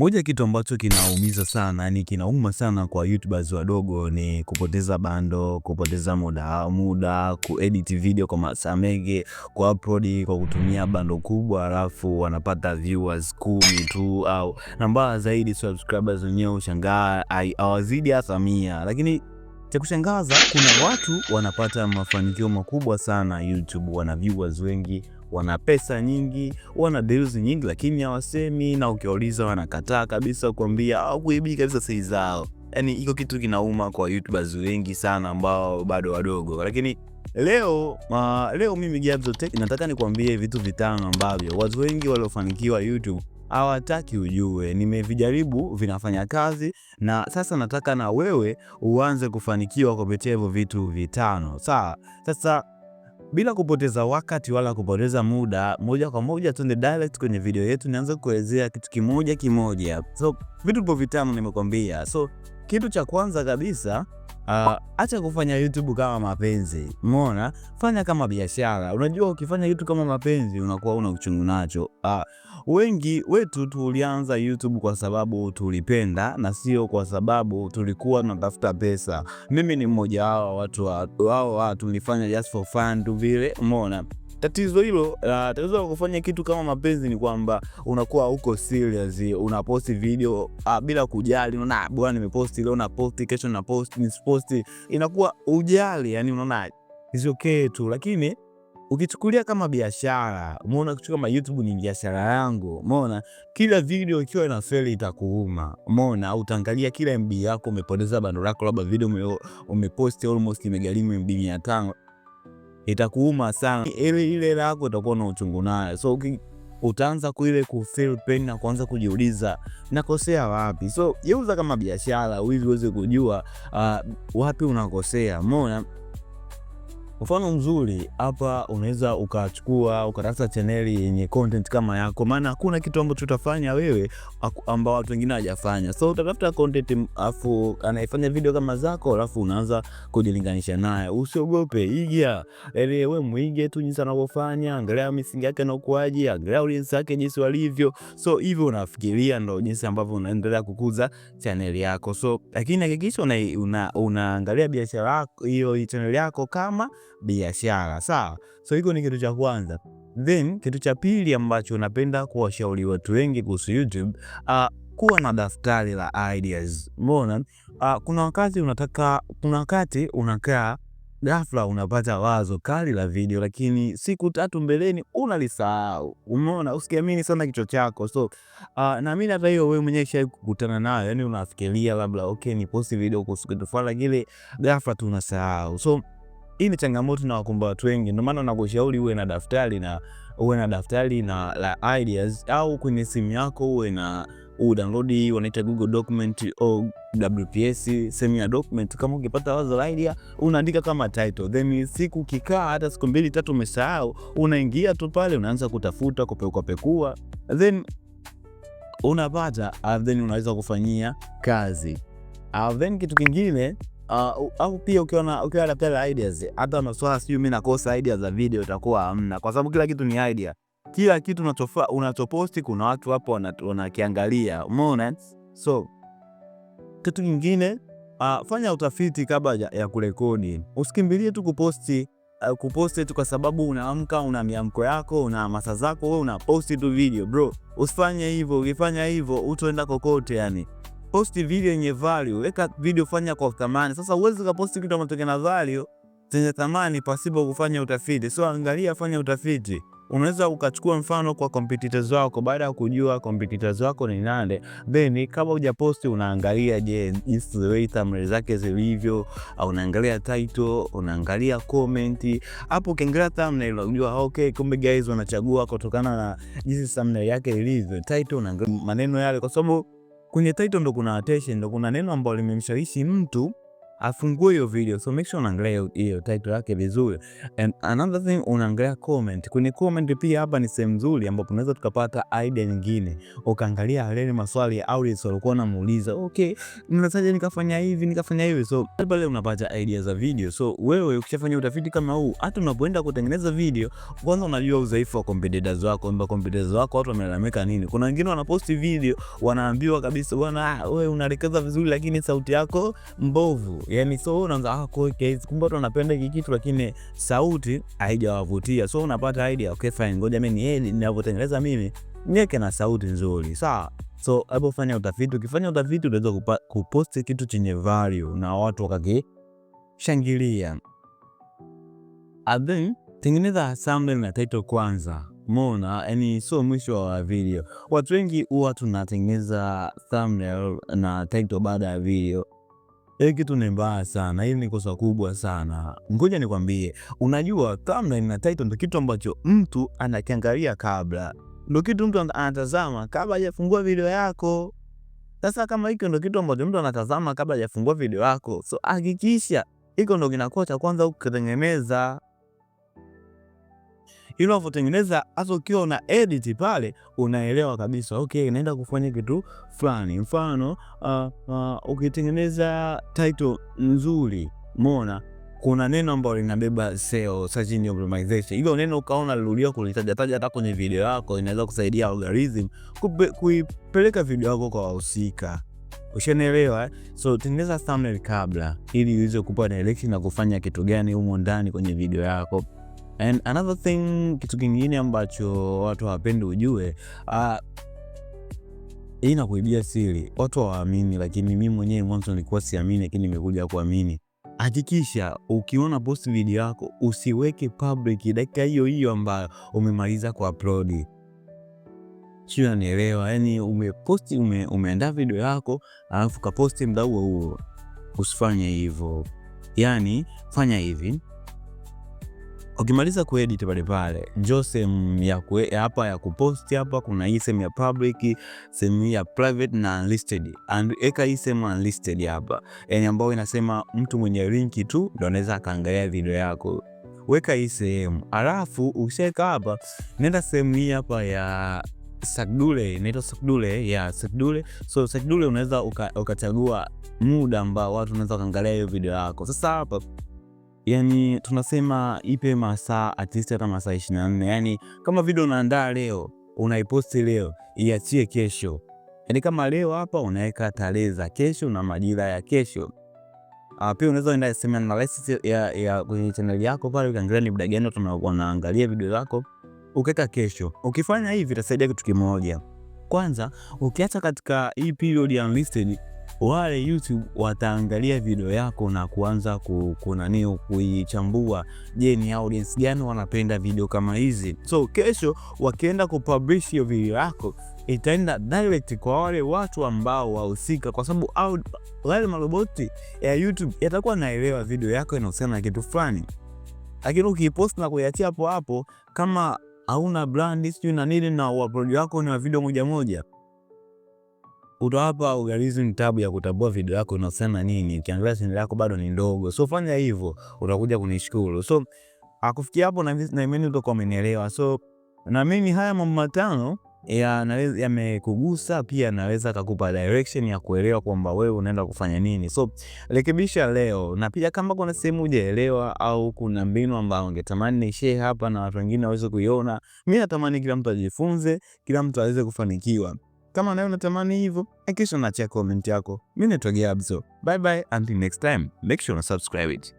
Moja kitu ambacho kinaumiza sana, yani kinauma sana kwa YouTubers wadogo ni kupoteza bando, kupoteza muda muda, kuedit video kwa masaa mengi, kuupload kwa kutumia bando kubwa, alafu wanapata viewers kumi tu au na mbaya zaidi subscribers wenyewe ushangaa hawazidi hata mia. Lakini cha kushangaza kuna watu wanapata mafanikio makubwa sana YouTube, wana viewers wengi wana pesa nyingi, wana deals nyingi, lakini hawasemi, na ukiwauliza wanakataa kabisa kuambia au kuibii kabisa siri zao. Yani iko kitu kinauma kwa YouTubers wengi sana ambao bado wadogo, lakini leo ma, leo mimi Gabzo Tech nataka nikwambie vitu vitano ambavyo watu wengi waliofanikiwa YouTube hawataki ujue. Nimevijaribu, vinafanya kazi, na sasa nataka na wewe uanze kufanikiwa kupitia hivyo vitu vitano. Sawa, sasa bila kupoteza wakati wala kupoteza muda, moja kwa moja tuende direct kwenye video yetu, nianze kuelezea kitu kimoja kimoja. So vitu vitamu nimekwambia. So kitu cha kwanza kabisa Ah, acha kufanya YouTube kama mapenzi. Umeona? Fanya kama biashara. Unajua ukifanya YouTube kama mapenzi unakuwa una uchungu nacho. Uh, wengi wetu tulianza YouTube kwa sababu tulipenda na sio kwa sababu tulikuwa tunatafuta pesa. Mimi ni mmoja wao watu wao, nilifanya just for fun tu vile. Umeona? tatizo hilo la tatizo la kufanya kitu kama mapenzi ni kwamba unakuwa huko serious, unaposti video ah, bila kujali, unaona ah, bwana, nimeposti leo na posti kesho na posti nisiposti, inakuwa ujali, yani unaona is okay tu, lakini ukichukulia kama biashara, umeona kitu kama YouTube ni biashara yangu, umeona kila video ikiwa ina seli itakuuma, umeona utaangalia kila MB yako umepoteza bando lako, labda video umeposti almost imegharimu MB 500 itakuuma sana, ile ile lako itakuwa na uchungu nayo, so utaanza kuile feel pain na kuanza kujiuliza nakosea wapi. So yeuza kama biashara, uwezi uweze kujua uh, wapi unakosea, mona Mfano mzuri hapa, unaweza ukachukua ukatafuta chaneli yenye content kama yako, maana hakuna kitu ambacho utafanya wewe ambao watu wengine hawajafanya. So utatafuta content, afu anaifanya video kama zako, alafu unaanza kujilinganisha naye. Usiogope, iga. ele, wewe muige tu jinsi anavyofanya, angalia misingi yake na ukuaji, angalia audience yake jinsi walivyo. So hivyo unafikiria ndo jinsi ambavyo unaendelea kukuza chaneli yako. So lakini hakikisha una, una, unaangalia biashara yako hiyo chaneli yako kama biashara. Sawa, so hiko ni kitu cha kwanza. Then kitu cha pili ambacho napenda kuwashauri watu wengi kuhusu YouTube, uh, kuwa na daftari la ideas. Mbona Uh, kuna wakati unataka, kuna wakati unakaa ghafla unapata wazo kali la video, lakini siku tatu mbeleni unalisahau. Umeona? Usikiamini sana kichwa chako. So uh, naamini hata hiyo wewe mwenyewe shai kukutana nayo, yani unafikiria labda okay, ni posti video kuhusu kitu fulani, lakini ghafla tu unasahau so hii ni changamoto na wakumba watu wengi, ndio maana nakushauri uwe na daftari na uwe na daftari na la ideas, au kwenye simu yako uwe na udownload hii wanaita Google document au WPS, sehemu ya document. Kama ukipata wazo la idea unaandika kama title, then siku kikaa hata siku mbili tatu umesahau, unaingia tu pale unaanza kutafuta kupekua pekua, then unapata, ah, then unaweza kufanyia kazi. Ah, then kitu kingine Uh, au uh, uh, pia ukiwa na ukiwa na pale ideas, hata maswala sio mimi nakosa ideas za video itakuwa hamna, kwa sababu kila kitu ni idea. Kila kitu unachofa unachoposti kuna watu hapo wanakiangalia, umeona. So kitu kingine uh, fanya utafiti kabla ya, ya kurekodi. Usikimbilie tu kuposti uh, kuposti tu kwa sababu unaamka una miamko yako una masaa zako wewe unaposti tu video bro, usifanye hivyo. Ukifanya hivyo utoenda kokote yani posti video yenye value, weka video, fanya kwa thamani. Sasa uwezi ukaposti kitu ambacho kina value zenye thamani pasipo kufanya utafiti. So angalia, fanya utafiti. Unaweza ukachukua mfano kwa competitors wako, baada ya kujua competitors wako ni nani, then kabla hujaposti unaangalia, je, thumbnail zake zilivyo, au unaangalia title, unaangalia comment. Hapo ukiangalia thumbnail unajua okay, kumbe guys wanachagua kutokana na jinsi thumbnail yake ilivyo, title, unaangalia maneno yale, kwa sababu kwenye title ndo kuna attention, ndo kuna neno ambalo limemshawishi mtu afungue hiyo video, so make sure unaangalia hiyo title yake vizuri. And another thing, unaangalia comment. Kwenye comment pia hapa ni sehemu nzuri ambapo unaweza tukapata idea nyingine, ukaangalia yale maswali ya audience walikuwa wanamuuliza, okay, ninasaje nikafanya hivi nikafanya hivi. So pale unapata idea za video. So wewe ukishafanya utafiti kama huu, hata unapoenda kutengeneza video, kwanza unajua udhaifu wa competitors wako, kwamba competitors wako watu wamelalamika nini. Kuna wengine wanaposti video wanaambiwa kabisa, bwana wewe unarekeza vizuri, lakini sauti yako mbovu yani, so unaanza ah, okay, kumbe watu wanapenda hiki kitu, lakini sauti haijawavutia. So unapata idea, okay fine, ngoja mimi ni yeye ninavyotengeneza mimi niweke na sauti nzuri, sawa. So hapo fanya utafiti. Ukifanya utafiti, unaweza kuposti kitu chenye value na watu wakakishangilia. And then tengeneza thumbnail na title kwanza. Mona, yani sio mwisho wa video. Watu wengi huwa tunatengeneza thumbnail na title baada ya video. Hii kitu ni mbaya sana, hili ni kosa kubwa sana. Ngoja nikwambie, unajua thumbnail na title ndo kitu ambacho mtu anakiangalia kabla, ndo kitu mtu anatazama kabla hajafungua video yako. Sasa kama hiki ndo kitu ambacho mtu anatazama kabla hajafungua video yako, so hakikisha hiko ndo kinakuwa cha kwanza ukitengeneza hilo unavyotengeneza, hata ukiwa una edit pale, unaelewa kabisa okay, naenda kufanya kitu fulani. Mfano uh, uh, ukitengeneza title nzuri, umeona kuna neno ambalo linabeba SEO, search engine optimization. Hilo neno ukaona lirudia kulitaja taja hata kwenye video yako, inaweza kusaidia algorithm kuipeleka video yako kwa wahusika. Ushanielewa? Eh? So tengeneza thumbnail kabla, ili iweze kupa direction na kufanya kitu gani humo ndani kwenye video yako. And another thing, kitu kingine ambacho watu hawapendi ujue, uh, hii nakuibia siri, watu hawaamini, lakini mimi mwenyewe mwanzo nilikuwa siamini, lakini nimekuja kuamini. Hakikisha ukiona post video yako usiweke public dakika hiyo hiyo ambayo umemaliza kuupload. Sio, nielewa? Yani umeposti ume, umeandaa video yako alafu kaposti mda huo huo, usifanye hivyo. Yani fanya hivi Ukimaliza kuedit pale pale, njoo sehemu ya hapa ya kupost. Hapa kuna hii sehemu ya public, sehemu ya private na unlisted. and Eka hii sehemu unlisted hapa, yani ambayo inasema mtu mwenye link tu ndo anaweza akaangalia video yako. Weka hii sehemu alafu ukishaweka hapa, nenda sehemu hii hapa ya sagdule inaitwa sagdule ya sagdule. So sagdule unaweza ukachagua uka muda ambao watu wanaweza kaangalia hiyo video yako. Sasa hapa yani tunasema ipe masaa at least hata masaa na nne Yani kama video unaandaa leo, unaiposti leo, iachie kesho. Yani kama leo hapa unaweka tarehe za kesho na majira ya kesho. Uh, pia unaweza enda sema analysis ya, ya kwenye channel yako pale ukaangalia ni muda gani tunaangalia video zako ukaweka kesho. Ukifanya hivi itasaidia kitu kimoja. Kwanza, ukiacha katika hii period ya unlisted wale YouTube wataangalia video yako na kuanza kunanio kuichambua. Je, ni audience gani wanapenda video kama hizi? So kesho wakienda kupublish hiyo video yako itaenda direct kwa wale watu ambao wahusika, kwa sababu au wale maroboti ya YouTube yatakuwa naelewa video yako inahusiana na kitu fulani, lakini ukipost na kuiachia hapo hapo, kama hauna brand sijui na nini na upload wako ni wa video moja moja utawapa algorithm tabu ya kutambua video yako inasema nini. Ukiangalia channel yako bado ni ndogo, so fanya hivyo, utakuja kunishukuru. So akufikia hapo, na na imani utakuwa umenielewa. So na mimi haya mambo matano yamekugusa ya pia naweza kukupa direction ya kuelewa kwamba wewe unaenda kufanya nini. So rekebisha leo, na pia kama kuna sehemu hujaelewa au kuna mbinu ambayo ungetamani ni share hapa na watu wengine waweze kuiona, mimi natamani kila mtu ajifunze, kila mtu aweze kufanikiwa. Kama nawe unatamani hivyo, hakikisha unaacha comment yako. Mimi naitwa Gabzo. Bye bye until next time. Make sure una subscribe it.